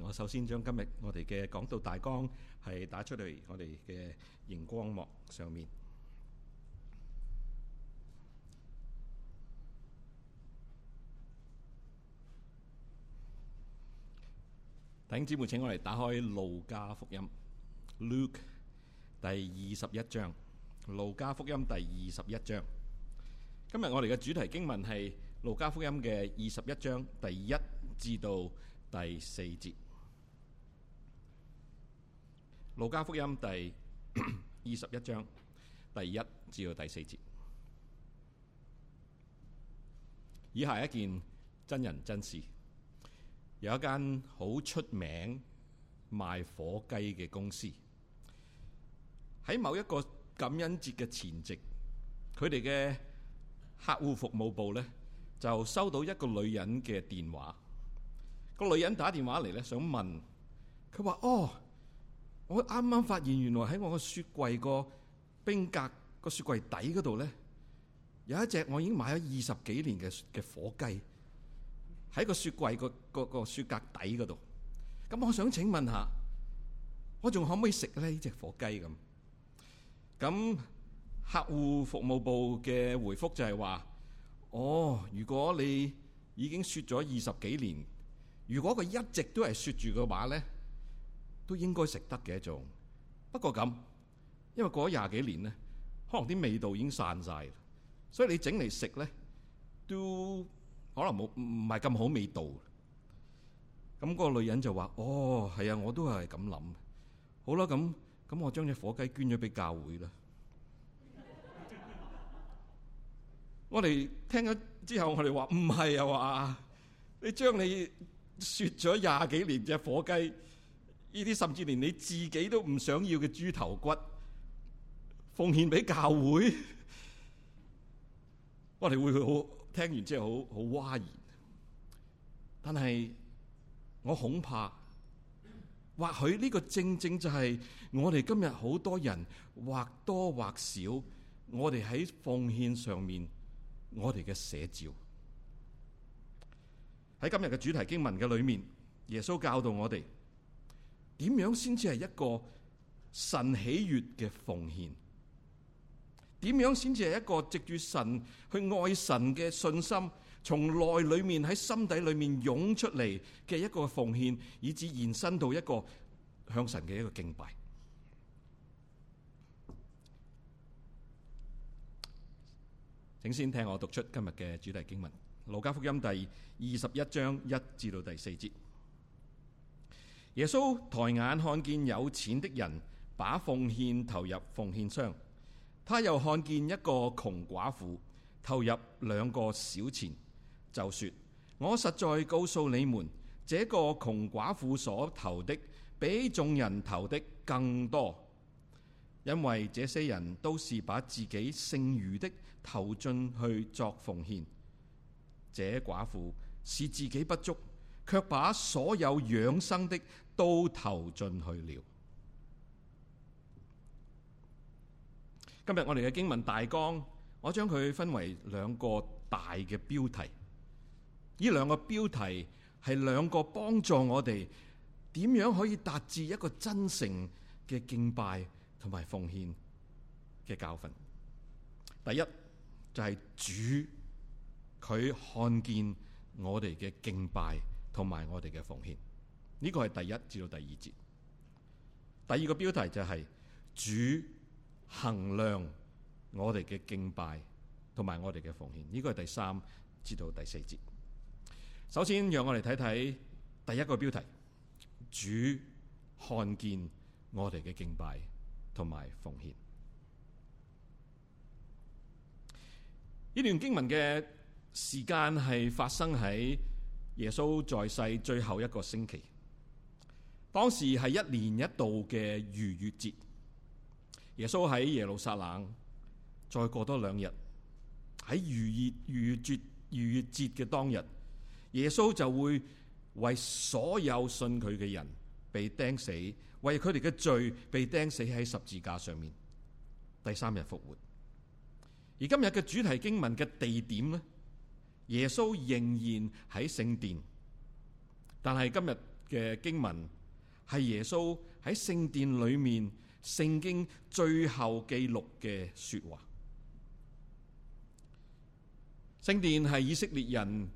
我首先將今日我哋嘅講道大綱係打出嚟，我哋嘅熒光幕上面。弟兄姊妹，請我哋打開路加福音，Luke 第二十一章，路加福音第二十一章。今日我哋嘅主題經文係路加福音嘅二十一章第一至到。第四節，《路加福音》第二十一章第一至到第四節。以下一件真人真事：有一間好出名賣火雞嘅公司，喺某一個感恩節嘅前夕，佢哋嘅客戶服務部咧就收到一個女人嘅電話。那個女人打電話嚟咧，想問佢話：哦，我啱啱發現，原來喺我個雪櫃個冰格個雪櫃底嗰度咧，有一隻我已經買咗二十幾年嘅嘅火雞喺個雪櫃個個雪格底嗰度。咁我想請問下，我仲可唔可以食咧？呢隻火雞咁咁，客戶服務部嘅回覆就係話：哦，如果你已經雪咗二十幾年。如果佢一直都係說住嘅話咧，都應該食得嘅仲。不過咁，因為過咗廿幾年咧，可能啲味道已經散晒，所以你整嚟食咧，都可能冇唔係咁好味道。咁、嗰個女人就話：，哦，係啊，我都係咁諗。好啦、啊，咁咁我將隻火雞捐咗俾教會啦。 我哋聽咗之後，我哋話唔係啊，話你將你。說咗廿幾年隻火雞，呢啲甚至連你自己都唔想要嘅豬頭骨，奉獻俾教會，我哋會好聽完之後好好譁然。但係我恐怕，或許呢個正正就係我哋今日好多人或多或少，我哋喺奉獻上面我哋嘅寫照。喺今日嘅主題經文嘅裏面，耶穌教導我哋點樣先至係一個神喜悅嘅奉獻？點樣先至係一個藉住神去愛神嘅信心，從內裏面，喺心底裏面湧出嚟嘅一個奉獻，以至延伸到一個向神嘅一個敬拜。請先聽我讀出今日嘅主題經文。路加福音第二十一章一至到第四節，耶穌抬眼看見有錢的人把奉獻投入奉獻箱，他又看見一個窮寡婦投入兩個小錢，就說：我實在告訴你們，這個窮寡婦所投的比眾人投的更多，因為這些人都是把自己剩餘的投進去作奉獻。這寡婦是自己不足，卻把所有養生的都投進去了。今日我哋嘅經文大綱，我將佢分為兩個大嘅標題。呢兩個標題係兩個幫助我哋點樣可以達至一個真誠嘅敬拜同埋奉獻嘅教訓。第一就係、是、主。佢看見我哋嘅敬拜同埋我哋嘅奉獻，呢個係第一至到第二節。第二個標題就係主衡量我哋嘅敬拜同埋我哋嘅奉獻，呢個係第三至到第四節。首先讓我哋睇睇第一個標題：主看見我哋嘅敬拜同埋奉獻。呢段經文嘅。時間係發生喺耶穌在世最後一個星期，當時係一年一度嘅逾越節。耶穌喺耶路撒冷，再過多兩日喺逾越逾越節逾越節嘅當日，耶穌就會為所有信佢嘅人被釘死，為佢哋嘅罪被釘死喺十字架上面，第三日復活。而今日嘅主題經文嘅地點咧？耶穌仍然喺聖殿，但係今日嘅經文係耶穌喺聖殿裏面聖經最後記錄嘅說話。聖殿係以色列人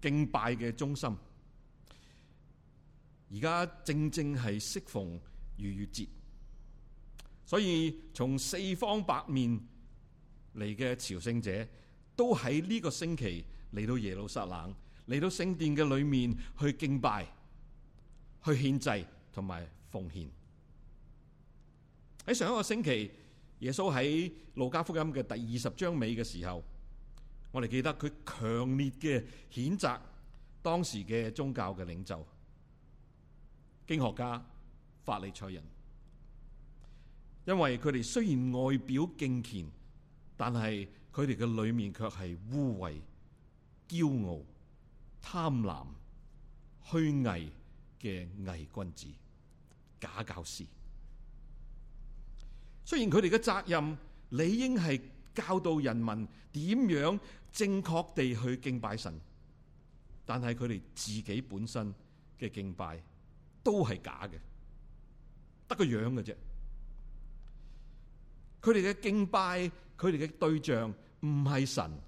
敬拜嘅中心，而家正正係適逢逾越節，所以從四方八面嚟嘅朝聖者都喺呢個星期。嚟到耶路撒冷，嚟到聖殿嘅裏面去敬拜、去獻祭同埋奉獻。喺上一個星期，耶穌喺路加福音嘅第二十章尾嘅時候，我哋記得佢強烈嘅譴責當時嘅宗教嘅領袖、經學家、法利賽人，因為佢哋雖然外表敬虔，但係佢哋嘅裏面卻係污穢。驕傲、貪婪、虛偽嘅偽君子、假教師，雖然佢哋嘅責任理應係教導人民點樣正確地去敬拜神，但係佢哋自己本身嘅敬拜都係假嘅，得個樣嘅啫。佢哋嘅敬拜，佢哋嘅對象唔係神。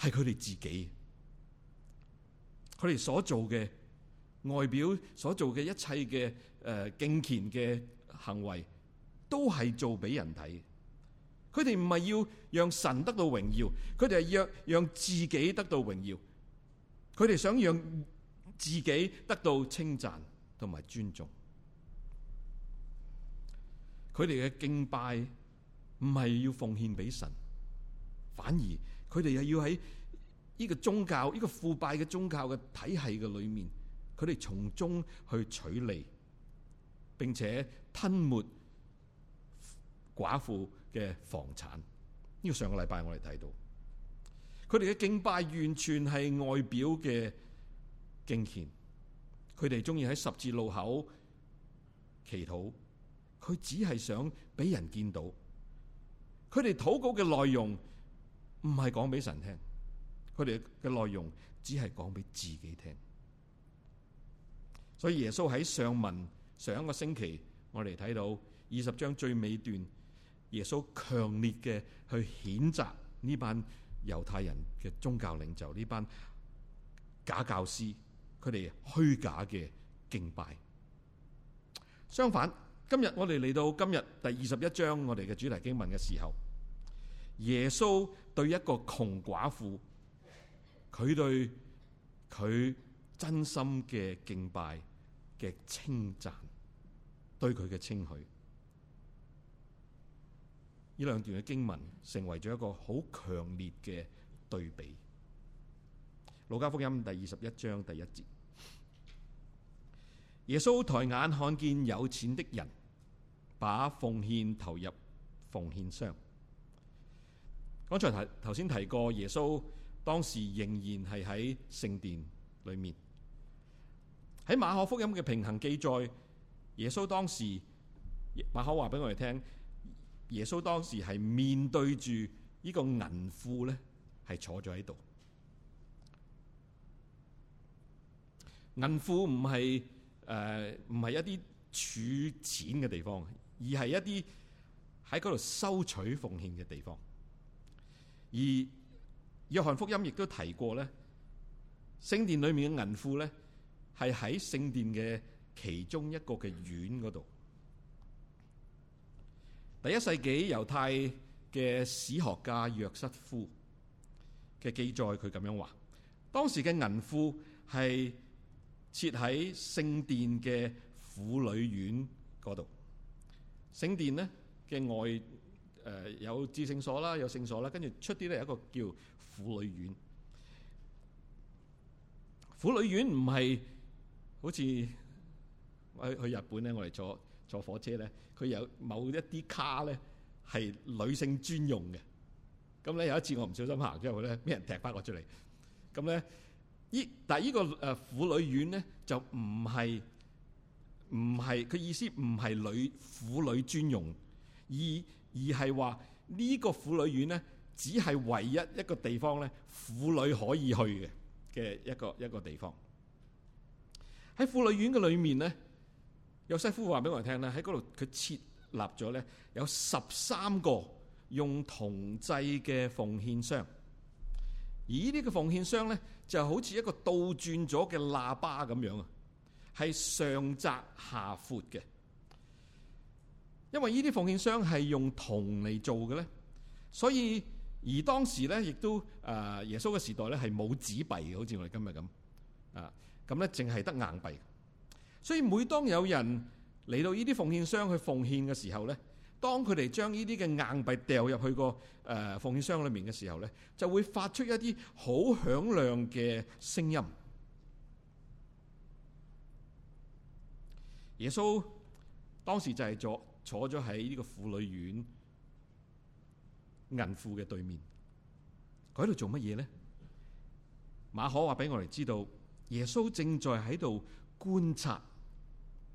係佢哋自己，佢哋所做嘅外表、所做嘅一切嘅誒、呃、敬虔嘅行為，都係做俾人睇。佢哋唔係要讓神得到榮耀，佢哋係要讓自己得到榮耀。佢哋想讓自己得到稱讚同埋尊重。佢哋嘅敬拜唔係要奉獻俾神，反而。佢哋又要喺呢個宗教，呢個腐敗嘅宗教嘅體系嘅裏面，佢哋從中去取利，並且吞沒寡婦嘅房產。呢個上個禮拜我哋睇到，佢哋嘅敬拜完全係外表嘅敬虔，佢哋中意喺十字路口祈禱，佢只係想俾人見到，佢哋禱告嘅內容。唔係講俾神聽，佢哋嘅內容只係講俾自己聽。所以耶穌喺上文上一個星期，我哋睇到二十章最尾段，耶穌強烈嘅去譴責呢班猶太人嘅宗教領袖，呢班假教師，佢哋虛假嘅敬拜。相反，今日我哋嚟到今日第二十一章，我哋嘅主題經文嘅時候，耶穌。對一個窮寡婦，佢對佢真心嘅敬拜嘅稱讚，對佢嘅稱許，呢兩段嘅經文成為咗一個好強烈嘅對比。路加福音第二十一章第一節，耶穌抬眼看見有錢的人把奉獻投入奉獻箱。剛才提，頭先提過，耶穌當時仍然係喺聖殿裏面。喺馬可福音嘅平衡記載，耶穌當時，馬可話俾我哋聽，耶穌當時係面對住呢個銀庫咧，係坐咗喺度。銀庫唔係誒，唔係一啲儲錢嘅地方，而係一啲喺嗰度收取奉獻嘅地方。而約翰福音亦都提過咧，聖殿裡面嘅銀庫咧，係喺聖殿嘅其中一個嘅院嗰度。第一世紀猶太嘅史學家約瑟夫嘅記載，佢咁樣話：當時嘅銀庫係設喺聖殿嘅婦女院嗰度。聖殿呢嘅外。誒、呃、有智性所啦，有性所啦，跟住出啲咧有一個叫婦女院。婦女院唔係好似我去日本咧，我哋坐坐火車咧，佢有某一啲卡咧係女性專用嘅。咁咧有一次我唔小心行咗入去咧，俾人踢返我出嚟。咁咧依但係依個誒婦女院咧就唔係唔係佢意思唔係女婦女專用，而而係話呢個婦女院咧，只係唯一一個地方咧，婦女可以去嘅嘅一個一個地方。喺婦女院嘅裏面咧，有西夫話俾我哋聽咧，喺嗰度佢設立咗咧有十三個用銅製嘅奉獻箱，而呢個奉獻箱咧就好似一個倒轉咗嘅喇叭咁樣啊，係上窄下闊嘅。因為呢啲奉獻箱係用銅嚟做嘅咧，所以而當時咧，亦都誒耶穌嘅時代咧係冇紙幣嘅，好似我哋今日咁，啊咁咧淨係得硬幣。所以每當有人嚟到呢啲奉獻箱去奉獻嘅時候咧，當佢哋將呢啲嘅硬幣掉入去個誒、呃、奉獻箱裏面嘅時候咧，就會發出一啲好響亮嘅聲音。耶穌當時就係做。坐咗喺呢個婦女院銀庫嘅對面，佢喺度做乜嘢咧？馬可話俾我哋知道，耶穌正在喺度觀察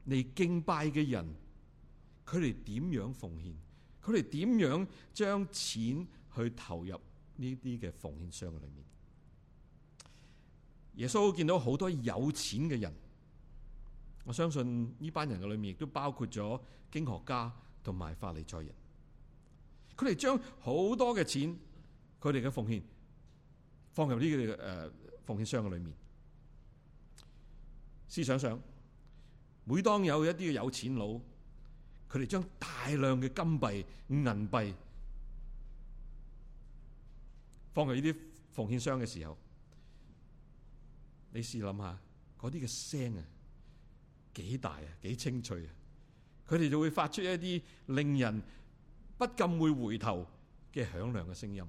嚟敬拜嘅人，佢哋點樣奉獻，佢哋點樣將錢去投入呢啲嘅奉獻箱裏面。耶穌見到好多有錢嘅人。我相信呢班人嘅裏面，亦都包括咗經學家同埋法利賽人。佢哋將好多嘅錢，佢哋嘅奉獻放入呢個誒奉獻箱嘅裏面。試想想，每當有一啲嘅有錢佬，佢哋將大量嘅金幣、銀幣放入呢啲奉獻箱嘅時候，你試想想，你試諗下嗰啲嘅聲啊！幾大啊，幾清脆啊！佢哋就會發出一啲令人不禁會回頭嘅響亮嘅聲音。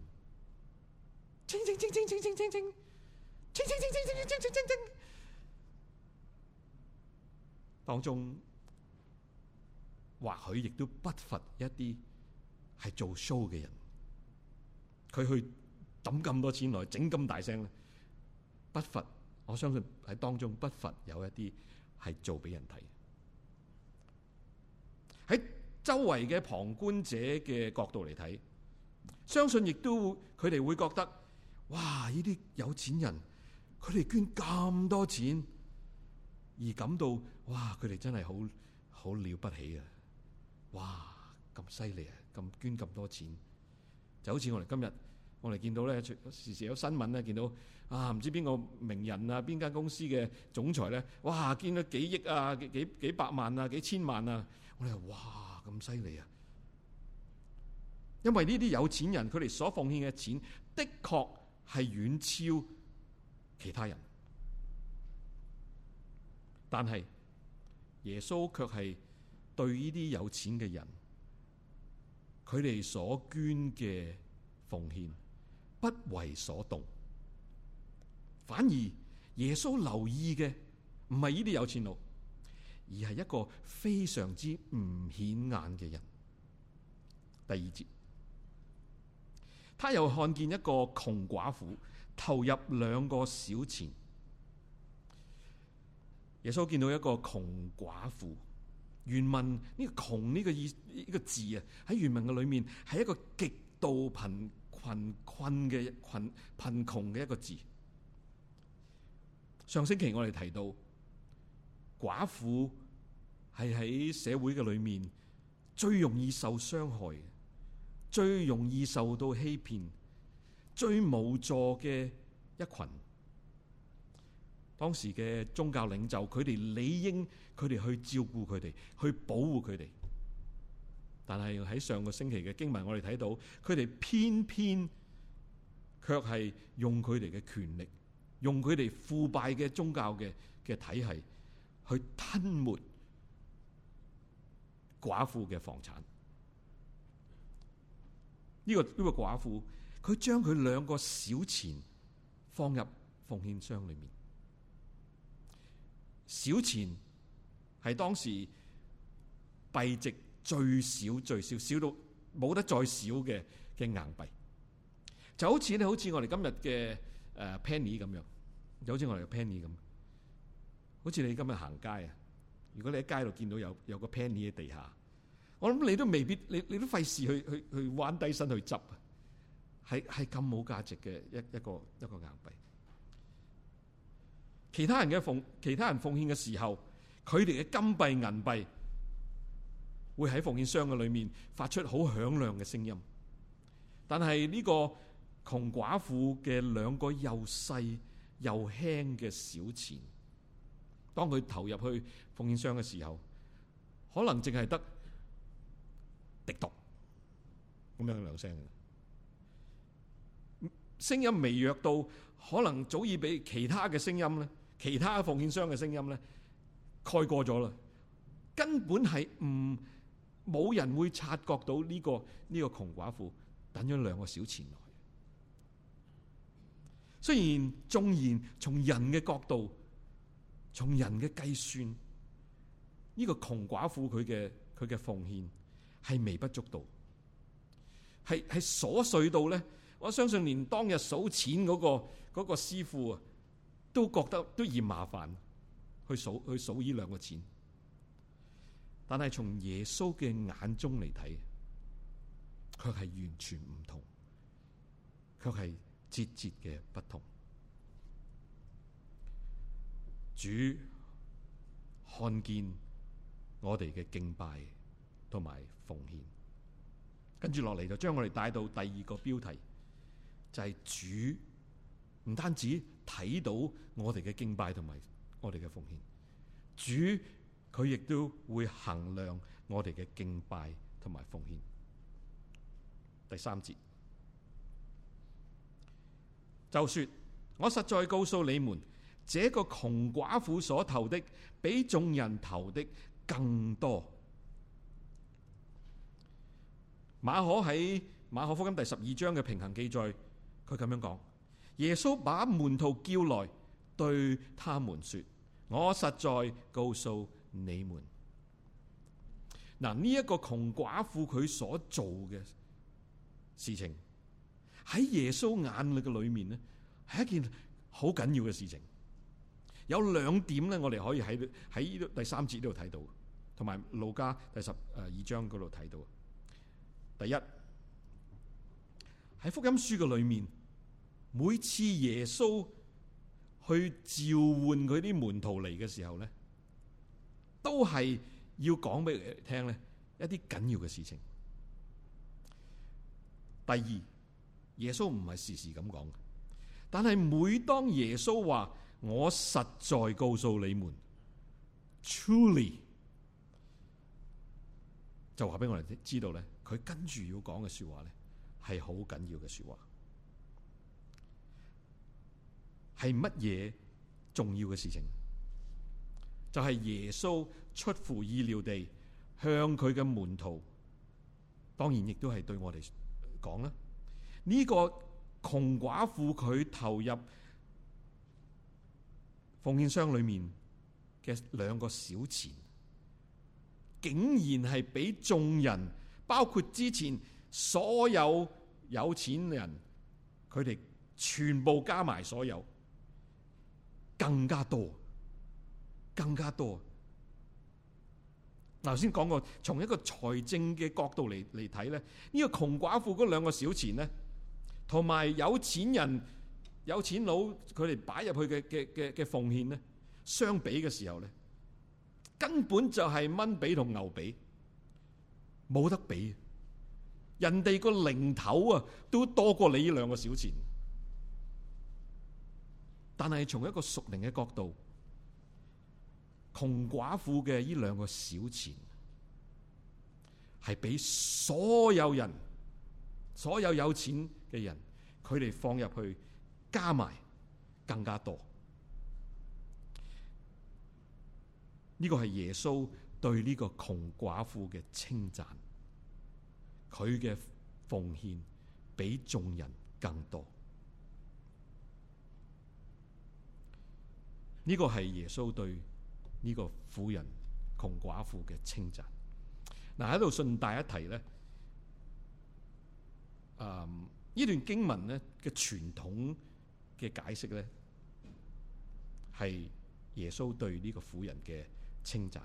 當中或許亦都不乏一啲係做 show 嘅人，佢去抌咁多錢來整咁大聲咧，不乏我相信喺當中不乏有一啲。係做俾人睇，喺周圍嘅旁觀者嘅角度嚟睇，相信亦都會，佢哋會覺得，哇！呢啲有錢人，佢哋捐咁多錢，而感到，哇！佢哋真係好好了不起啊！哇！咁犀利啊！咁捐咁多錢，就好似我哋今日。我哋見到咧，時時有新聞咧，見到啊，唔知邊個名人啊，邊間公司嘅總裁咧，哇，見到幾億啊，幾幾百萬啊，幾千萬啊！我哋話哇，咁犀利啊！因為呢啲有錢人，佢哋所奉獻嘅錢的確係遠超其他人，但係耶穌卻係對呢啲有錢嘅人，佢哋所捐嘅奉獻。不為所動，反而耶穌留意嘅唔係呢啲有錢佬，而係一個非常之唔顯眼嘅人。第二節，他又看見一個窮寡婦投入兩個小錢。耶穌見到一個窮寡婦，原文呢個窮呢個意呢個字啊，喺原文嘅裏面係一個極度貧貧困嘅困，貧窮嘅一個字。上星期我哋提到寡婦係喺社會嘅裏面最容易受傷害，最容易受到欺騙，最無助嘅一群。當時嘅宗教領袖，佢哋理應佢哋去照顧佢哋，去保護佢哋。但係喺上個星期嘅經文，我哋睇到佢哋偏偏卻係用佢哋嘅權力，用佢哋腐敗嘅宗教嘅嘅體系去吞沒寡婦嘅房產。呢、這個呢、這個寡婦，佢將佢兩個小錢放入奉獻箱裏面。小錢係當時幣值。最少最少，少到冇得再少嘅嘅硬幣，就好似你好似我哋今日嘅誒 penny 咁樣，就好似我哋嘅 penny 咁，好似你今日行街啊，如果你喺街度見到有有個 penny 喺地下，我諗你都未必，你你都費事去去去彎低身去執啊，係係咁冇價值嘅一一個一個，一個硬幣。其他人嘅奉，其他人奉獻嘅時候，佢哋嘅金幣銀幣。會喺奉獻箱嘅裏面發出好響亮嘅聲音，但係呢個窮寡婦嘅兩個又細又輕嘅小錢，當佢投入去奉獻箱嘅時候，可能淨係得滴毒咁樣兩聲嘅聲音，微弱到可能早已畀其他嘅聲音咧，其他奉獻箱嘅聲音咧蓋過咗啦，根本係唔。冇人會察覺到呢個呢個窮寡婦等咗兩個小錢來。雖然縱然從人嘅角度，從人嘅計算，呢個窮寡婦佢嘅佢嘅奉獻係微不足道，係係瑣碎到咧，我相信連當日數錢嗰個嗰個師傅啊都覺得都嫌麻煩，去數去數呢兩個錢。但係從耶穌嘅眼中嚟睇，却係完全唔同，却係節節嘅不同。主看見我哋嘅敬拜同埋奉獻，跟住落嚟就將我哋帶到第二個標題，就係主唔單止睇到我哋嘅敬拜同埋我哋嘅奉獻，主。佢亦都會衡量我哋嘅敬拜同埋奉獻。第三節就說，我實在告訴你們，這個窮寡婦所投的比眾人投的更多。馬可喺馬可福音第十二章嘅平行記載，佢咁樣講：耶穌把門徒叫來，對他們說：我實在告訴你們，嗱，呢一個窮寡婦佢所做嘅事情，喺耶穌眼裏嘅裏面呢係一件好緊要嘅事情。有兩點咧，我哋可以喺喺第三節呢度睇到，同埋路加第十誒二章嗰度睇到。第一，喺福音書嘅裏面，每次耶穌去召喚佢啲門徒嚟嘅時候咧。都係要講俾你聽咧，一啲緊要嘅事情。第二，耶穌唔係時時咁講，但係每當耶穌話我實在告訴你們，truly，就話俾我哋知道咧，佢跟住要講嘅說話咧，係好緊要嘅說話，係乜嘢重要嘅事情？就係、是、耶穌出乎意料地向佢嘅門徒，當然亦都係對我哋講啦。呢、這個窮寡婦佢投入奉獻箱裏面嘅兩個小錢，竟然係比眾人，包括之前所有有錢人佢哋全部加埋所有更加多。更加多。嗱，頭先講過從一個財政嘅角度嚟嚟睇咧，呢個窮寡婦嗰兩個小錢咧，同埋有錢人、有錢佬佢哋擺入去嘅嘅嘅嘅奉獻咧，相比嘅時候咧，根本就係蚊比同牛比，冇得比。人哋個零頭啊，都多過你呢兩個小錢。但係從一個屬靈嘅角度。窮寡婦嘅呢兩個小錢，係比所有人、所有有錢嘅人，佢哋放入去加埋更加多。呢個係耶穌對呢個窮寡婦嘅稱讚，佢嘅奉獻比眾人更多。呢個係耶穌對。呢個婦人窮寡婦嘅稱讚嗱，喺度順帶一提咧，誒呢段經文咧嘅傳統嘅解釋咧係耶穌對呢個婦人嘅稱讚。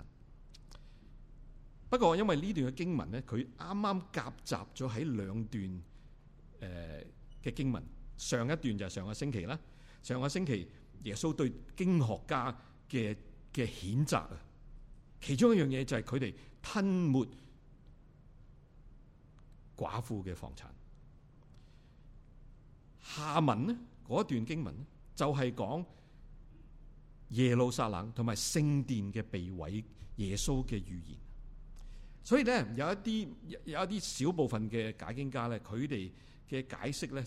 不過，因為呢段嘅經文咧，佢啱啱夾雜咗喺兩段誒嘅經文，上一段就係上個星期啦。上個星期耶穌對經學家嘅嘅譴責啊，其中一樣嘢就係佢哋吞沒寡婦嘅房產。下文咧嗰段經文就係講耶路撒冷同埋聖殿嘅被毀，耶穌嘅預言。所以咧有一啲有一啲小部分嘅解經家咧，佢哋嘅解釋咧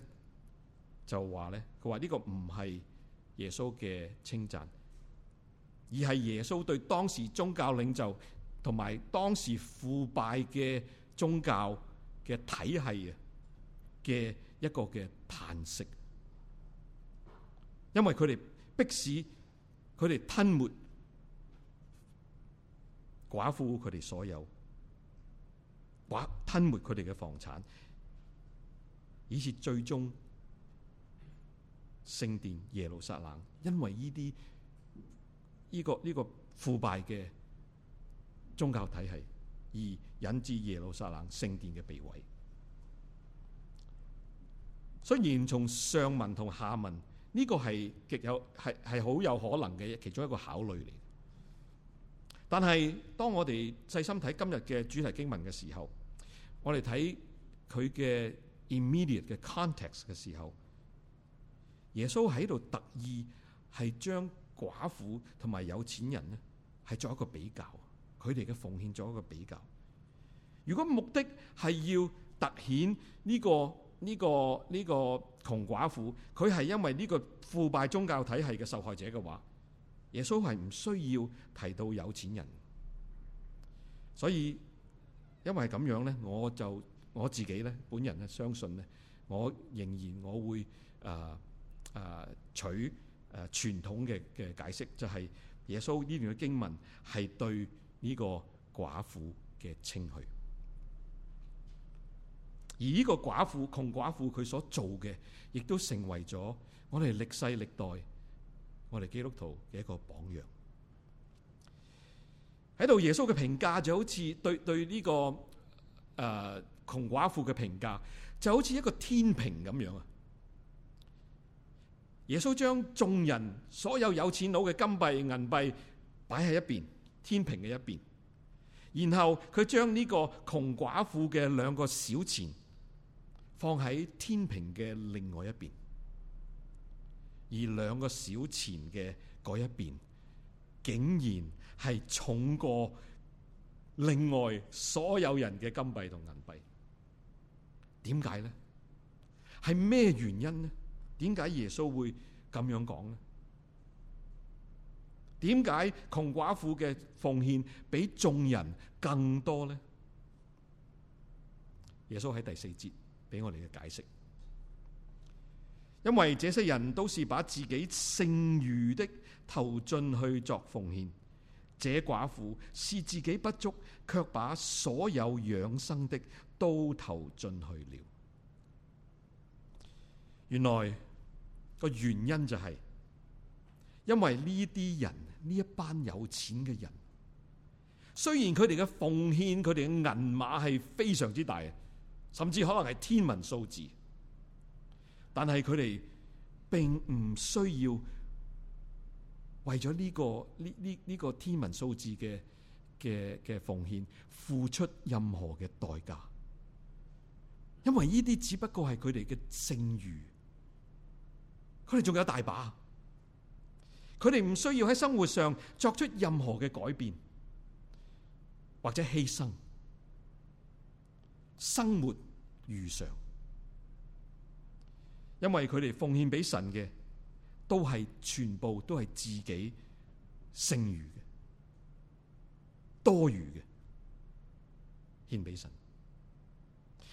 就話咧，佢話呢個唔係耶穌嘅稱讚。而係耶穌對當時宗教領袖同埋當時腐敗嘅宗教嘅體系嘅一個嘅嘆息，因為佢哋迫使佢哋吞沒寡婦佢哋所有寡吞沒佢哋嘅房產，以至最終聖殿耶路撒冷，因為呢啲。呢個呢個腐敗嘅宗教體系，而引致耶路撒冷聖殿嘅被毀。雖然從上文同下文，呢個係極有係係好有可能嘅其中一個考慮嚟。但係當我哋細心睇今日嘅主題經文嘅時候，我哋睇佢嘅 immediate 嘅 context 嘅時候，耶穌喺度特意係將。寡婦同埋有錢人呢，係作一個比較，佢哋嘅奉獻作一個比較。如果目的係要凸顯呢個呢、呢個呢、呢個窮寡婦，佢係因為呢個腐敗宗教體系嘅受害者嘅話，耶穌係唔需要提到有錢人。所以因為咁樣呢，我就我自己呢，本人呢相信呢，我仍然我會誒誒、呃呃、取。誒傳統嘅嘅解釋就係、是、耶穌呢段嘅經文係對呢個寡婦嘅稱許，而呢個寡婦窮寡婦佢所做嘅，亦都成為咗我哋歷世歷代我哋基督徒嘅一個榜樣。喺度耶穌嘅評價就好似對對呢、這個誒、呃、窮寡婦嘅評價就好似一個天平咁樣啊！耶穌將眾人所有有錢佬嘅金幣銀幣擺喺一邊，天平嘅一邊，然後佢將呢個窮寡婦嘅兩個小錢放喺天平嘅另外一邊，而兩個小錢嘅嗰一邊，竟然係重過另外所有人嘅金幣同銀幣。點解呢？係咩原因呢？點解耶穌會咁樣講呢？點解窮寡婦嘅奉獻比眾人更多呢？耶穌喺第四節俾我哋嘅解釋，因為這些人都是把自己剩餘的投進去作奉獻，這寡婦是自己不足，卻把所有養生的都投進去了。原來。個原因就係、是，因為呢啲人呢，一班有錢嘅人，雖然佢哋嘅奉獻佢哋嘅銀碼係非常之大，甚至可能係天文數字，但係佢哋並唔需要為咗呢、這個呢呢呢個天文數字嘅嘅嘅奉獻付出任何嘅代價，因為呢啲只不過係佢哋嘅剩餘。佢哋仲有大把，佢哋唔需要喺生活上作出任何嘅改變或者犧牲，生活如常，因為佢哋奉獻俾神嘅都係全部都係自己剩餘嘅多餘嘅獻俾神，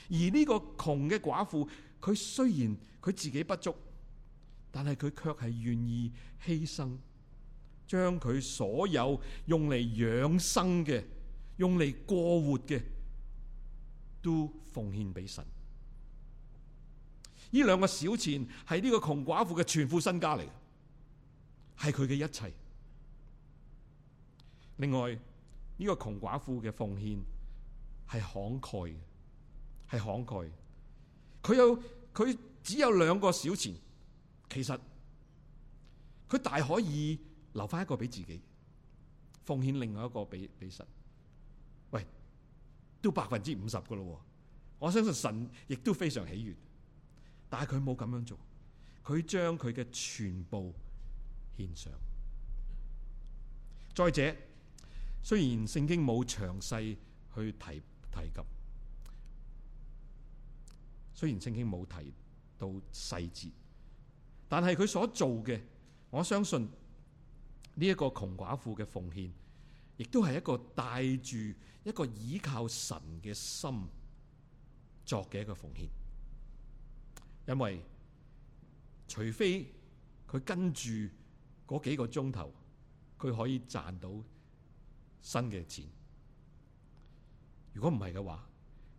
而呢個窮嘅寡婦，佢雖然佢自己不足。但係佢卻係願意犧牲，將佢所有用嚟養生嘅，用嚟過活嘅，都奉獻俾神。呢兩個小錢係呢個窮寡婦嘅全副身家嚟嘅，係佢嘅一切。另外呢個窮寡婦嘅奉獻係慷慨嘅，係慷慨。佢有佢只有兩個小錢。其實佢大可以留返一個俾自己，奉獻另外一個俾俾神。喂，都百分之五十噶咯，我相信神亦都非常喜悅。但係佢冇咁樣做，佢將佢嘅全部獻上。再者，雖然聖經冇詳細去提提及，雖然聖經冇提到細節。但係佢所做嘅，我相信呢一個窮寡婦嘅奉獻，亦都係一個帶住一個依靠神嘅心作嘅一個奉獻。因為除非佢跟住嗰幾個鐘頭，佢可以賺到新嘅錢。如果唔係嘅話，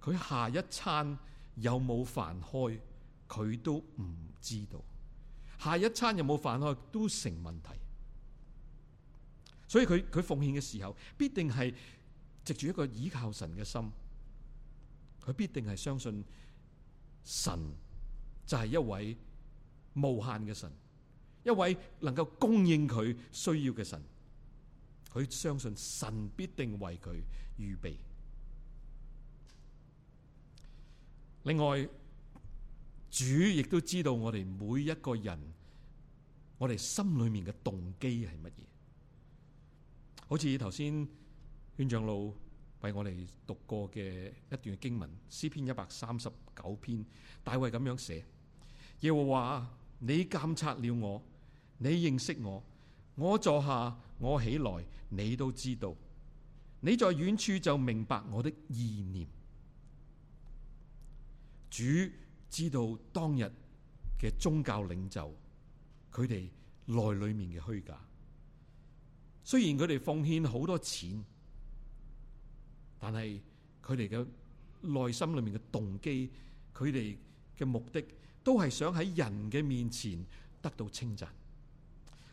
佢下一餐有冇飯開，佢都唔知道。下一餐有冇飯開都成問題，所以佢佢奉獻嘅時候，必定係藉住一個倚靠神嘅心，佢必定係相信神就係一位無限嘅神，一位能夠供應佢需要嘅神，佢相信神必定為佢預備。另外。主亦都知道我哋每一個人，我哋心裏面嘅動機係乜嘢。好似頭先陳長老為我哋讀過嘅一段經文，詩篇一百三十九篇，大衛咁樣寫：耶和華，你監察了我，你認識我，我坐下，我起來，你都知道，你在遠處就明白我的意念。主，知道當日嘅宗教領袖，佢哋內裏面嘅虛假。雖然佢哋奉獻好多錢，但係佢哋嘅內心裏面嘅動機，佢哋嘅目的都係想喺人嘅面前得到稱讚。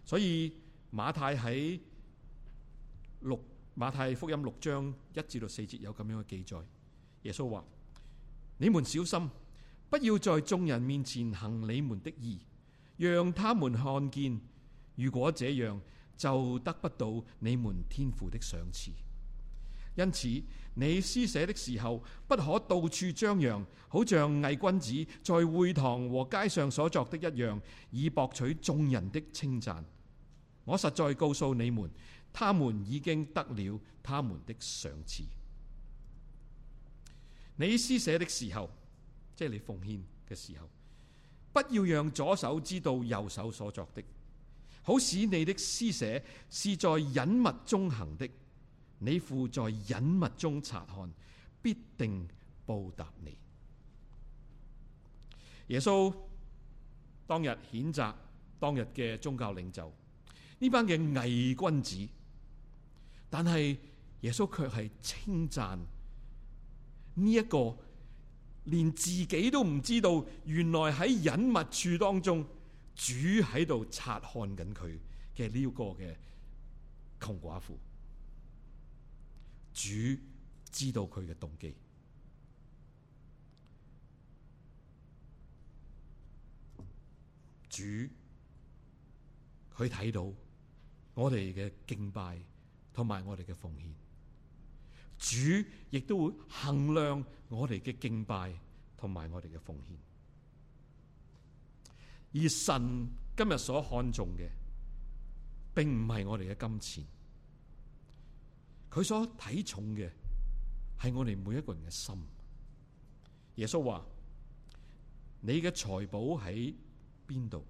所以馬太喺六馬太福音六章一至到四節有咁樣嘅記載。耶穌話：你們小心。不要在眾人面前行你們的義，讓他們看見。如果這樣就得不到你們天父的賞賜。因此，你施捨的時候，不可到處張揚，好像偽君子在會堂和街上所作的一樣，以博取眾人的稱讚。我實在告訴你們，他們已經得了他們的賞賜。你施捨的時候。即係你奉獻嘅時候，不要讓左手知道右手所作的，好使你的施捨是在隱密中行的。你父在隱密中察看，必定報答你。耶穌當日譴責當日嘅宗教領袖呢班嘅偽君子，但係耶穌卻係稱讚呢一個。連自己都唔知道，原來喺隱密處當中，主喺度察看緊佢嘅呢個嘅窮寡婦，主知道佢嘅動機，主佢睇到我哋嘅敬拜同埋我哋嘅奉獻。主亦都會衡量我哋嘅敬拜同埋我哋嘅奉獻，而神今日所看重嘅，並唔係我哋嘅金錢，佢所睇重嘅係我哋每一個人嘅心。耶穌話：你嘅財寶喺邊度，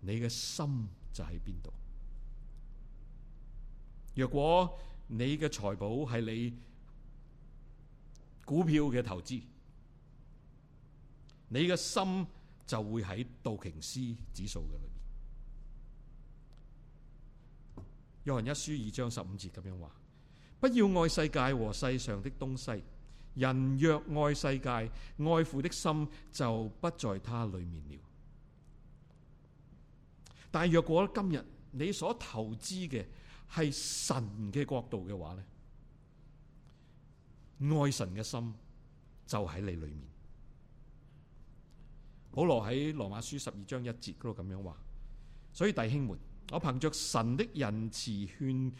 你嘅心就喺邊度。若果你嘅財寶係你。股票嘅投資，你嘅心就會喺道瓊斯指數嘅裏面。約翰一書二章十五節咁樣話：不要愛世界和世上的東西，人若愛世界，愛父的心就不在他裏面了。但若果今日你所投資嘅係神嘅國度嘅話咧？愛神嘅心就喺你裏面。保羅喺羅馬書十二章一節嗰度咁樣話，所以弟兄們，我憑着神的仁慈勸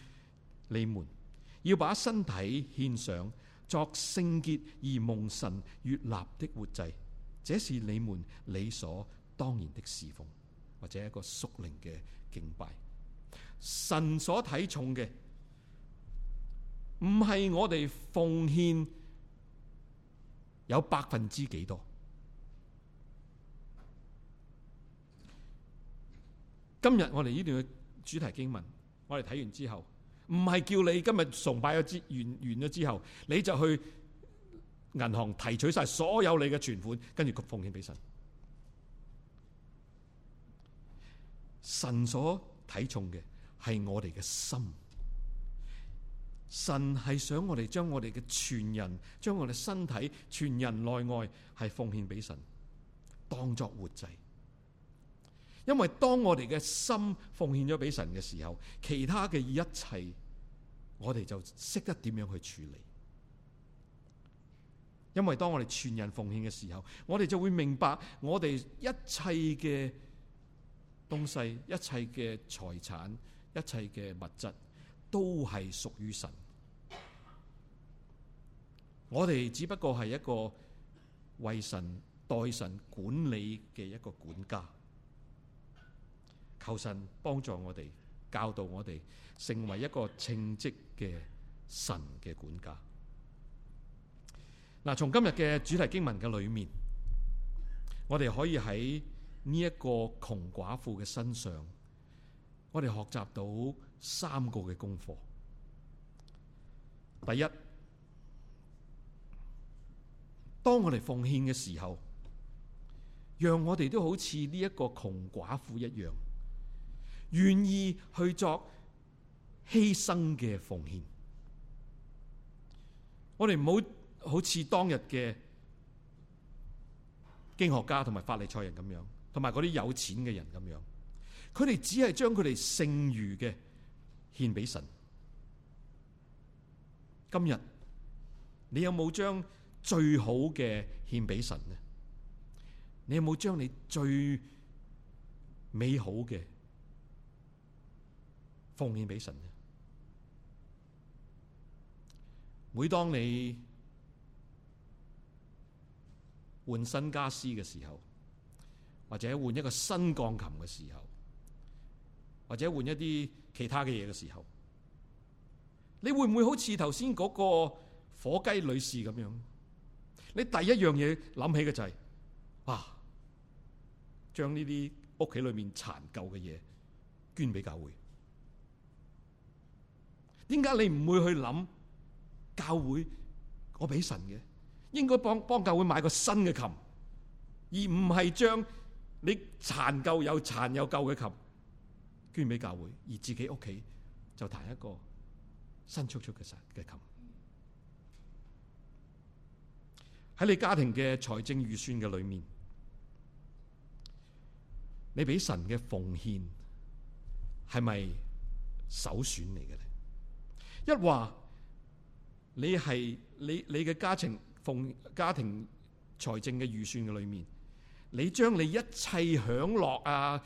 你們，要把身體獻上作聖潔而蒙神悦納的活祭，這是你們理所當然的侍奉，或者一個屬靈嘅敬拜。神所睇重嘅。唔係我哋奉獻有百分之幾多？今日我哋呢段嘅主題經文，我哋睇完之後，唔係叫你今日崇拜咗之完完咗之後，你就去銀行提取晒所有你嘅存款，跟住奉獻俾神。神所睇重嘅係我哋嘅心。神係想我哋將我哋嘅全人，將我哋身體，全人內外係奉獻俾神，當作活祭。因為當我哋嘅心奉獻咗俾神嘅時候，其他嘅一切，我哋就識得點樣去處理。因為當我哋全人奉獻嘅時候，我哋就會明白我哋一切嘅東西、一切嘅財產、一切嘅物質。都係屬於神，我哋只不過係一個為神代神管理嘅一個管家，求神幫助我哋，教導我哋成為一個稱職嘅神嘅管家。嗱，從今日嘅主題經文嘅裏面，我哋可以喺呢一個窮寡婦嘅身上，我哋學習到。三個嘅功課，第一，當我哋奉獻嘅時候，讓我哋都好似呢一個窮寡婦一樣，願意去作犧牲嘅奉獻。我哋唔好好似當日嘅經學家同埋法利賽人咁樣，同埋嗰啲有錢嘅人咁樣，佢哋只係將佢哋剩餘嘅。獻俾神。今日你有冇將最好嘅獻俾神呢？你有冇將你，你最美好嘅奉獻俾神呢？每當你換新家私嘅時候，或者換一個新鋼琴嘅時候，或者換一啲其他嘅嘢嘅時候，你會唔會好似頭先嗰個火雞女士咁樣？你第一樣嘢諗起嘅就係，啊，將呢啲屋企裏面殘舊嘅嘢捐俾教會。點解你唔會去諗教會？我俾神嘅，應該幫幫教會買個新嘅琴，而唔係將你殘舊有殘有舊嘅琴，捐俾教會，而自己屋企就彈一個新簇簇嘅神嘅琴。喺你家庭嘅財政預算嘅裏面，你俾神嘅奉獻係咪首選嚟嘅咧？一話你係你你嘅家庭奉家庭財政嘅預算嘅裏面，你將你一切享樂啊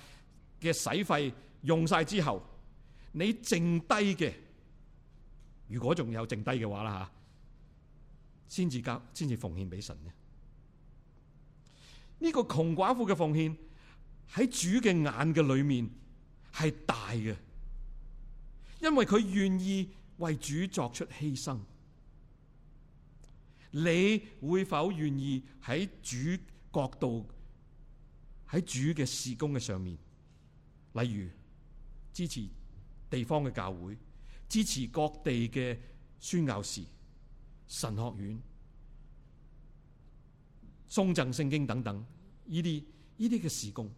嘅使費。用晒之後，你剩低嘅，如果仲有剩低嘅話啦吓，先至交，先至奉獻俾神咧。呢、呢個窮寡婦嘅奉獻喺主嘅眼嘅裏面係大嘅，因為佢願意為主作出犧牲。你會否願意喺主角度，喺主嘅事工嘅上面，例如？支持地方嘅教會，支持各地嘅宣教士、神學院、送贈聖經等等，呢啲呢啲嘅事工，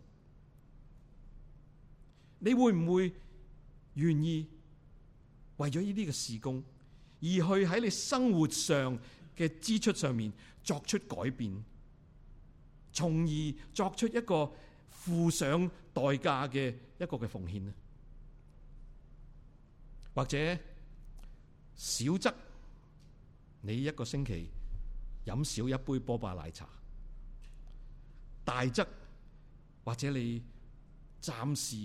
你會唔會願意為咗呢啲嘅事工，而去喺你生活上嘅支出上面作出改變，從而作出一個付上代價嘅一個嘅奉獻呢？或者小則你一個星期飲少一杯波霸奶茶，大則或者你暫時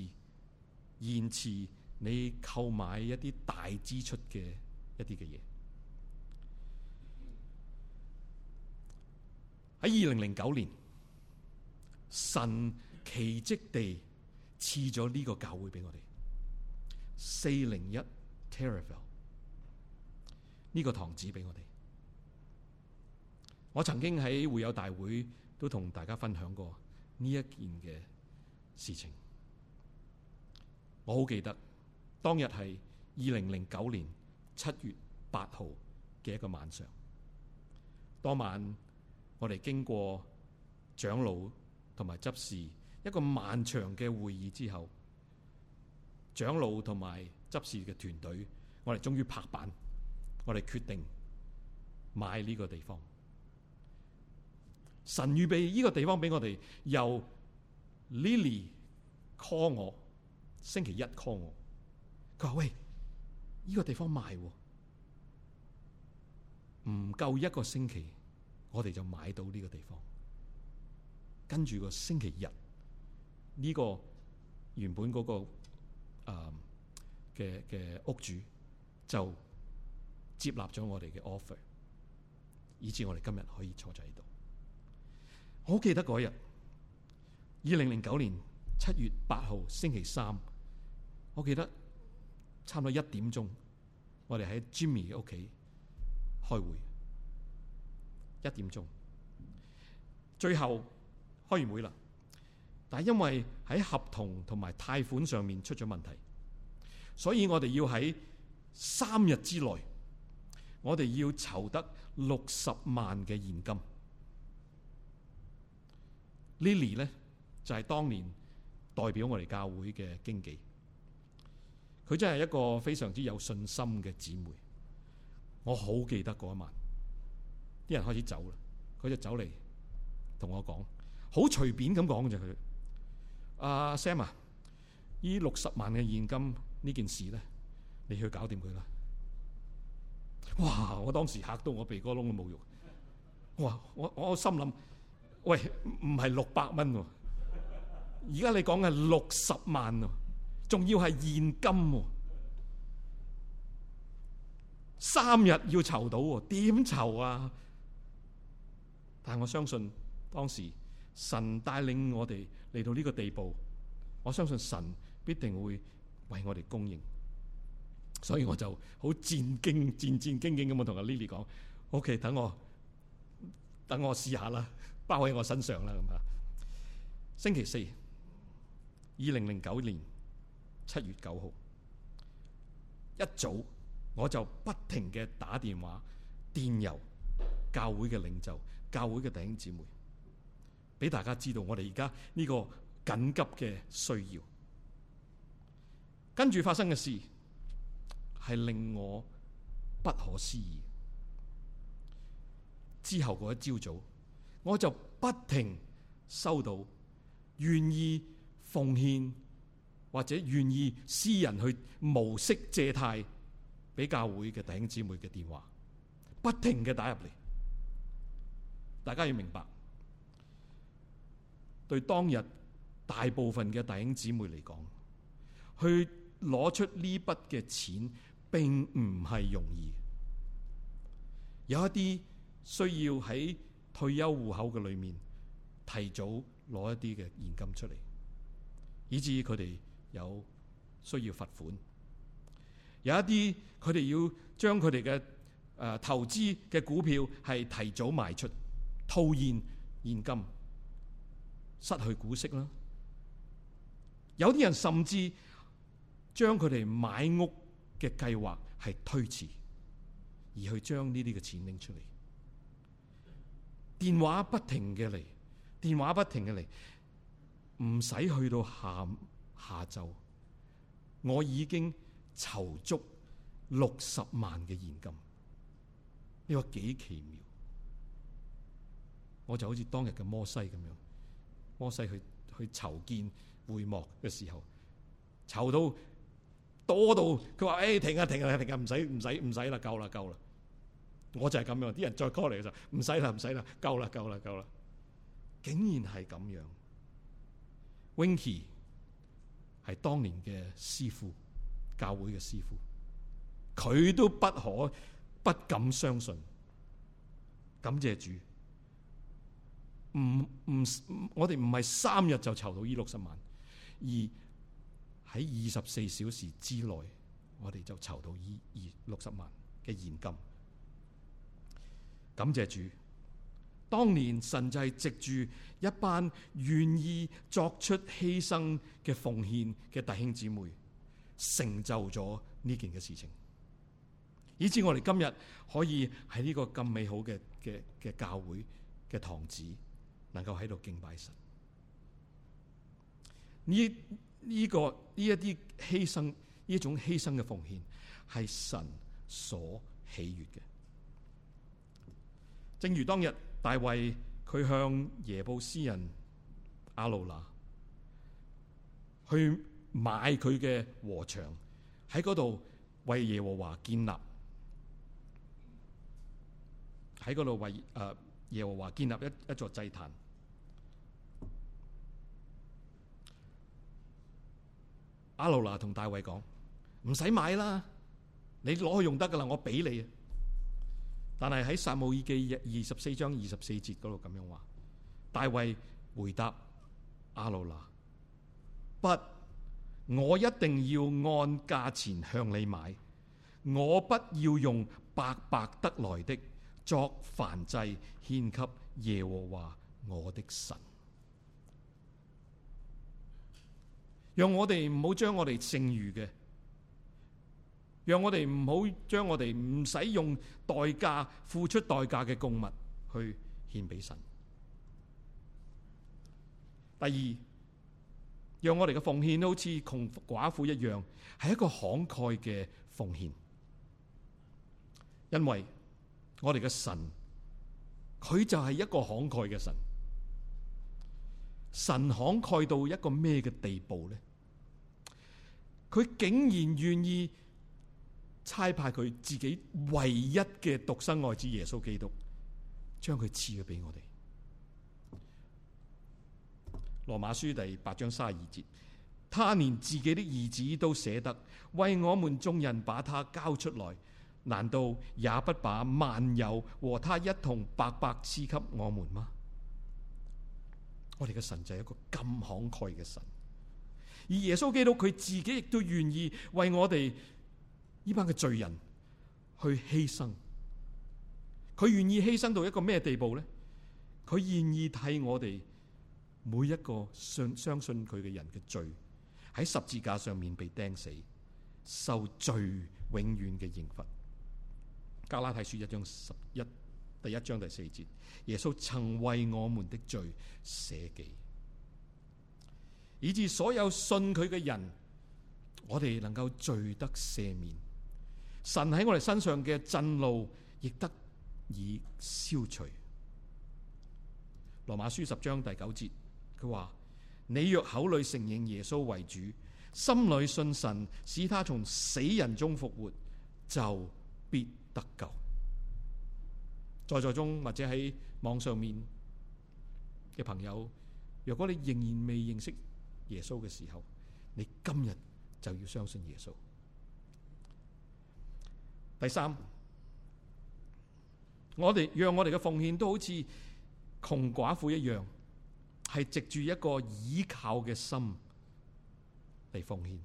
延遲你購買一啲大支出嘅一啲嘅嘢。喺二零零九年，神奇跡地賜咗呢個教會俾我哋四零一。Terraville、這、呢個堂子俾我哋。我曾經喺會友大會都同大家分享過呢一件嘅事情。我好記得當日係二零零九年七月八號嘅一個晚上。當晚我哋經過長老同埋執事一個漫長嘅會議之後，長老同埋。執事嘅團隊，我哋終於拍板，我哋決定買呢個地方。神預備呢個地方俾我哋，由 Lily call 我，星期一 call 我，佢話：喂，呢、這個地方賣、啊，唔夠一個星期，我哋就買到呢個地方。跟住個星期日，呢、這個原本嗰、那個誒。呃嘅嘅屋主就接納咗我哋嘅 offer，以致我哋今日可以坐在呢度。我好記得嗰日，二零零九年七月八號星期三，我記得差唔多一點鐘，我哋喺 Jimmy 嘅屋企開會，一點鐘，最後開完會啦，但係因為喺合同同埋貸款上面出咗問題。所以我哋要喺三日之內，我哋要籌得六十萬嘅現金。Lily 咧就係、是、當年代表我哋教會嘅經紀，佢真係一個非常之有信心嘅姊妹。我好記得嗰一晚，啲人開始走啦，佢就走嚟同我講，好隨便咁講就佢，阿、啊、Sam 啊，呢六十萬嘅現金。呢件事咧，你去搞掂佢啦！哇！我當時嚇到我鼻哥窿都冇肉。哇！我我心諗，喂，唔係六百蚊喎，而家你講嘅係六十萬喎、啊，仲要係現金喎、啊，三日要籌到喎、啊，點籌啊！但我相信當時神帶領我哋嚟到呢個地步，我相信神必定會，為我哋供應，所以我就好戰兢、戰戰兢兢咁，我同阿 Lily 講，OK，等我，等我試下啦，包喺我身上啦咁啊！星期四，二零零九年七月九號一早，我就不停嘅打電話電郵教會嘅領袖、教會嘅弟兄姊妹，俾大家知道我哋而家呢個緊急嘅需要。跟住發生嘅事係令我不可思議。之後嗰一朝早，我就不停收到願意奉獻或者願意私人去無息借貸俾教會嘅弟兄姊妹嘅電話，不停嘅打入嚟。大家要明白，對當日大部分嘅弟兄姊妹嚟講，去。攞出呢筆嘅錢並唔係容易的，有一啲需要喺退休戶口嘅裏面提早攞一啲嘅現金出嚟，以至於佢哋有需要罰款；有一啲佢哋要將佢哋嘅誒投資嘅股票係提早賣出，套現現金，失去股息啦。有啲人甚至。將佢哋買屋嘅計劃係推遲，而去將呢啲嘅錢拎出嚟。電話不停嘅嚟，電話不停嘅嚟，唔使去到下下週，我已經籌足六十萬嘅現金。你話幾奇妙？我就好似當日嘅摩西咁樣，摩西去去籌建會幕嘅時候，籌到。多到佢話誒停啊停啊停啊唔使唔使唔使啦夠啦夠啦，我就係咁樣，啲人再 call 嚟嘅時候，唔使啦唔使啦，夠啦夠啦夠啦，竟然係咁樣，Winky 係當年嘅師傅，教會嘅師傅，佢都不可不敢相信，感謝主，唔唔我哋唔係三日就籌到依六十萬，而。喺二十四小時之內，我哋就籌到二二六十萬嘅現金。感謝主，當年神就係藉住一班願意作出犧牲嘅奉獻嘅弟兄姊妹，成就咗呢件嘅事情，以至我哋今日可以喺呢個咁美好嘅嘅嘅教會嘅堂子，能夠喺度敬拜神。呢？呢、這個呢一啲犧牲呢一種犧牲嘅奉獻，係神所喜悅嘅。正如當日大衛佢向耶布斯人阿魯拿去買佢嘅禾場，喺嗰度為耶和華建立，喺嗰度為誒、呃、耶和華建立一一座祭壇。阿路拿同大衛講，唔使買啦，你攞去用得噶啦，我俾你。啊。但係喺撒母耳記下二十四章二十四節度咁樣話，大衛回答阿路拿：不，我一定要按價錢向你買，我不要用白白得來的作燔祭獻給耶和華我的神。讓我哋唔好將我哋剩餘嘅，讓我哋唔好將我哋唔使用代價付出代價嘅供物去獻俾神。第二，讓我哋嘅奉獻好似窮寡婦一樣，係一個慷慨嘅奉獻。因為我哋嘅神，佢就係一個慷慨嘅神。神慷慨到一個咩嘅地步咧？佢竟然願意差派佢自己唯一嘅獨生愛子耶穌基督，將佢賜咗俾我哋。羅馬書第八章卅二節，他連自己的兒子都捨得為我們眾人把他交出來，難道也不把萬有和他一同白白賜給我們嗎？我哋嘅神就係一個咁慷慨嘅神。而耶穌基督佢自己亦都願意為我哋呢班嘅罪人去犧牲。佢願意犧牲到一個咩地步咧？佢願意替我哋每一個信相信佢嘅人嘅罪，喺十字架上面被釘死，受罪永遠嘅刑罰。加拉太書一章十一第一章第四節，耶穌曾為我們的罪捨己。以至所有信佢嘅人，我哋能夠罪得赦免，神喺我哋身上嘅震怒亦得以消除。羅馬書十章第九節，佢話：你若口裏承認耶穌為主，心裏信神使他從死人中復活，就必得救。在座中或者喺網上面嘅朋友，若果你仍然未認識。耶穌嘅時候，你今日就要相信耶穌。第三，我哋讓我哋嘅奉獻都好似窮寡婦一樣，係藉住一個依靠嘅心嚟奉獻。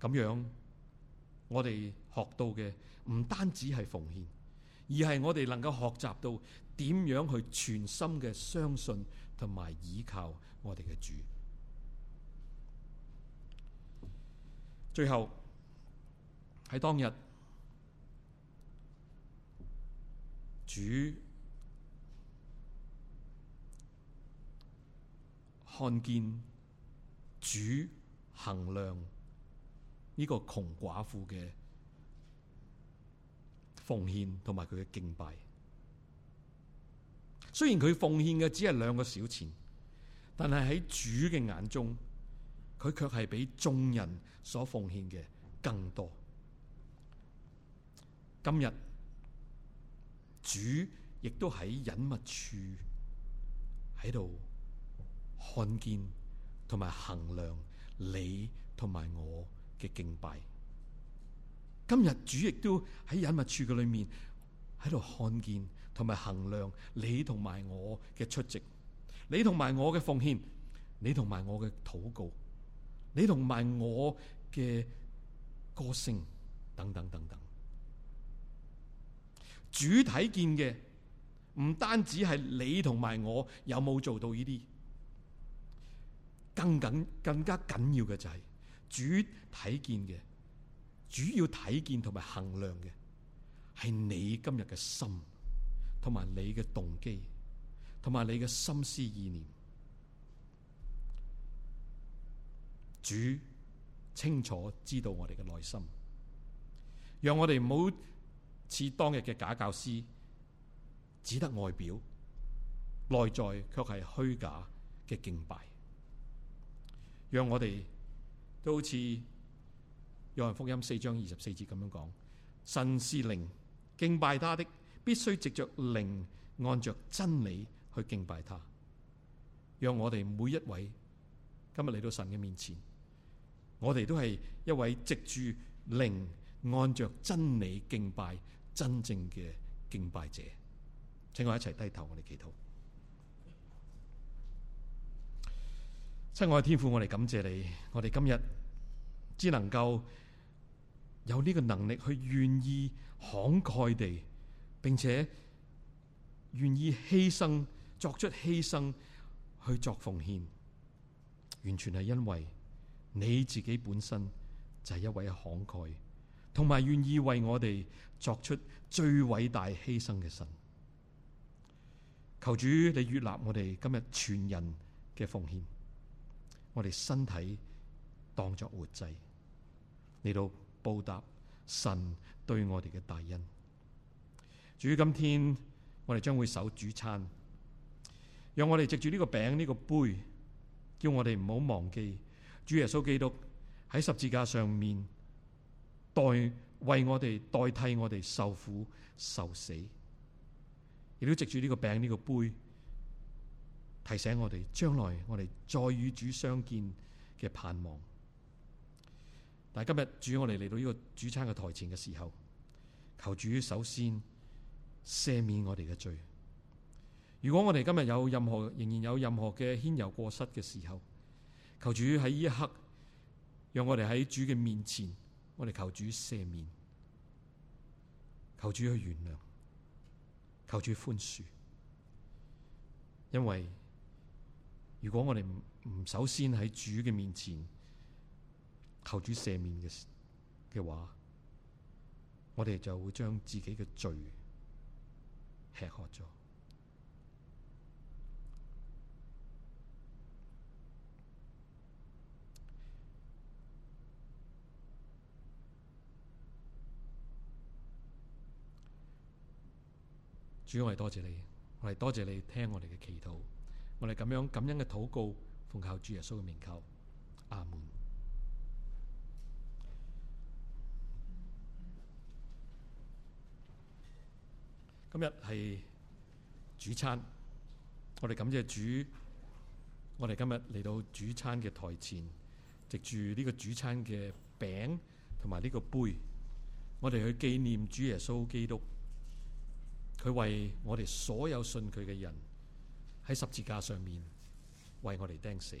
咁樣，我哋學到嘅唔單止係奉獻，而係我哋能夠學習到點樣去全心嘅相信同埋依靠。我哋嘅主，最後喺當日，主看見主衡量呢個窮寡婦嘅奉獻，同埋佢嘅敬拜。雖然佢奉獻嘅只係兩個小錢。但係喺主嘅眼中，佢卻係比眾人所奉獻嘅更多。今日主亦都喺隱密處喺度看見同埋衡量你同埋我嘅敬拜。今日主亦都喺隱密處嘅裏面喺度看見同埋衡量你同埋我嘅出席。你同埋我嘅奉獻，你同埋我嘅禱告，你同埋我嘅歌聲，等等等等。主睇見嘅唔單止係你同埋我有冇做到呢啲，更緊更加緊要嘅就係、是、主睇見嘅，主要睇見同埋衡量嘅係你今日嘅心同埋你嘅動機。同埋你嘅心思意念，主清楚知道我哋嘅內心，讓我哋唔好似當日嘅假教師，只得外表，內在卻係虛假嘅敬拜。讓我哋都好似約翰福音四章二十四節咁樣講：神是靈，敬拜他的必須藉着靈，按着真理。去敬拜他，讓我哋每一位今日嚟到神嘅面前，我哋都係一位藉住靈，按着真理敬拜真正嘅敬拜者。請我一齊低頭我，我哋祈禱。親愛嘅天父，我哋感謝你，我哋今日只能夠有呢個能力去願意慷慨地，並且願意犧牲。作出犧牲，去作奉獻，完全係因為你自己本身就係一位慷慨，同埋願意為我哋作出最偉大犧牲嘅神。求主，你接納我哋今日全人嘅奉獻，我哋身體當作活祭，嚟到報答神對我哋嘅大恩。至於今天，我哋將會守主餐。讓我哋藉住呢個餅、呢個杯，叫我哋唔好忘記主耶穌基督喺十字架上面代為我哋、代替我哋受苦受死。亦都藉住呢個餅、呢個杯，提醒我哋將來我哋再與主相見嘅盼望。但係今日主要我哋嚟到呢個主餐嘅台前嘅時候，求主首先赦免我哋嘅罪。如果我哋今日有任何仍然有任何嘅愆尤過失嘅時候，求主喺呢一刻，讓我哋喺主嘅面前，我哋求主赦免，求主去原諒，求主寬恕。因為如果我哋唔首先喺主嘅面前求主赦免嘅嘅話，我哋就會將自己嘅罪吃喝咗。主，我哋多謝你，我哋多謝你聽我哋嘅祈禱，我哋咁樣感恩嘅禱告，奉靠主耶穌嘅名求，阿門。今日係主餐，我哋感謝主，我哋今日嚟到主餐嘅台前，藉住呢個主餐嘅餅同埋呢個杯，我哋去紀念主耶穌基督。佢為我哋所有信佢嘅人喺十字架上面為我哋釘死。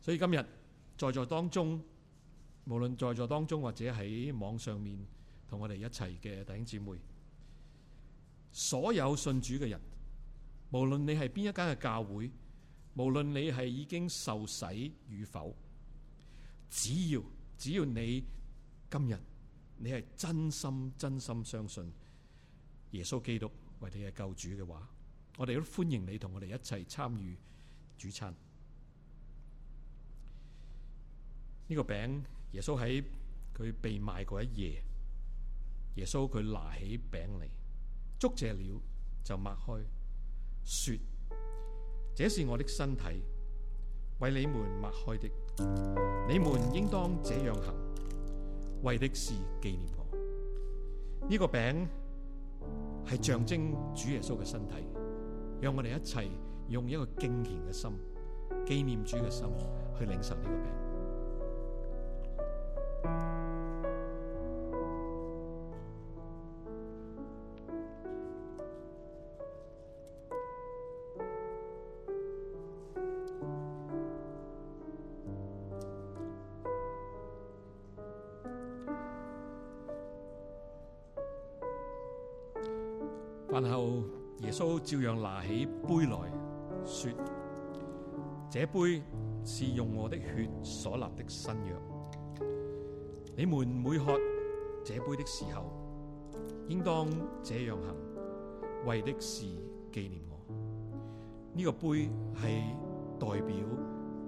所以今日在座當中，無論在座當中或者喺網上面同我哋一齊嘅弟兄姊妹，所有信主嘅人，無論你係邊一間嘅教會，無論你係已經受洗與否，只要只要你今日你係真心真心相信。耶穌基督為你嘅救主嘅話，我哋都歡迎你同我哋一齊參與主餐呢個餅。耶穌喺佢被賣嗰一夜，耶穌佢拿起餅嚟，祝謝了就擘開，說：這是我的身體，為你們擘開的，你們應當這樣行，為的是紀念我呢個餅係象徵主耶穌嘅身體，讓我哋一齊用一個敬虔嘅心，紀念主嘅心，去領受呢個餅。照樣拿起杯來說：，這杯是用我的血所立的新約。你們每喝這杯的時候，應當這樣行，為的是紀念我。呢個杯係代表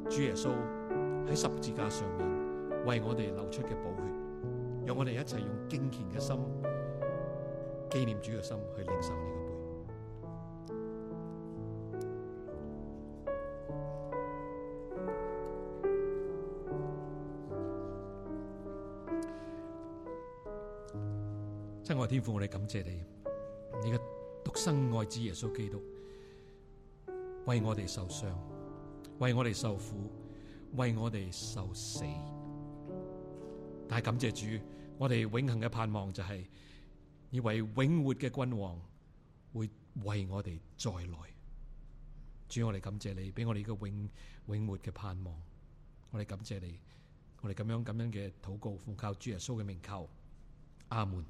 主耶穌喺十字架上面為我哋流出嘅寶血。讓我哋一齊用敬虔嘅心紀念主嘅心，去領受、這個天父，我哋感謝你，你嘅獨生愛子耶穌基督為我哋受傷，為我哋受苦，為我哋受死。但係感謝主，我哋永恒嘅盼望就係，你為永活嘅君王會為我哋再來。主，我哋感謝你，俾我哋一個永永活嘅盼望。我哋感謝你，我哋咁樣咁樣嘅禱告，奉靠主耶穌嘅名求，阿門。